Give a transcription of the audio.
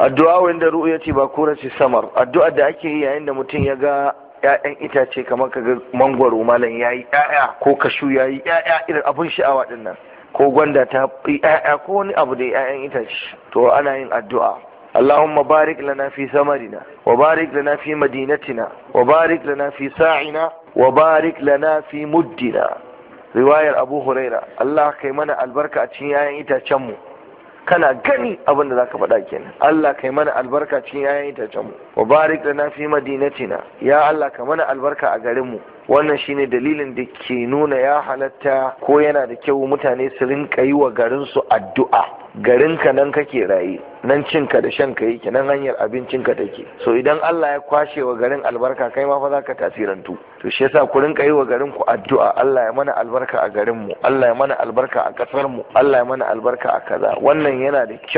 addu'a wanda ru'u ya ce ba kura ce samar addu'a da ake yi yayin da mutum ya ga ‘ya'yan itace kamar ka ga mangwaro malam ya yi ‘ya'ya ko kashu ya yi ‘ya'ya irin abin sha'awa din nan ko gwanda ta yi ‘ya'ya ko wani abu da ‘ya'yan itace to ana yin addu'a اللهم بارك لنا في ثمرنا وبارك لنا في مدينتنا وبارك لنا في ساعنا وبارك لنا في مدنا رواية أبو هريرة الله كيمنا البركة أتشياء إتا kana gani abin da zaka faɗa kenan Allah kai mana albarka cikin 'ya'yan itacen mu wa barik lana fi madinatina ya Allah ka mana albarka a garin mu wannan shine dalilin da ke nuna ya halatta ko yana da kyau mutane su rinka yi wa garinsu addu'a Garin ka nan kake raye nan cinka da shan ka yake nan hanyar abincinka take so idan Allah ya kwashe wa garin albarka kai ma fa ka tasirantu to shi yasa ku rinka yi wa garin ku addu'a Allah ya mana albarka a garin mu Allah ya mana albarka a kasar mu Allah ya mana albarka a kaza wannan yana da kyau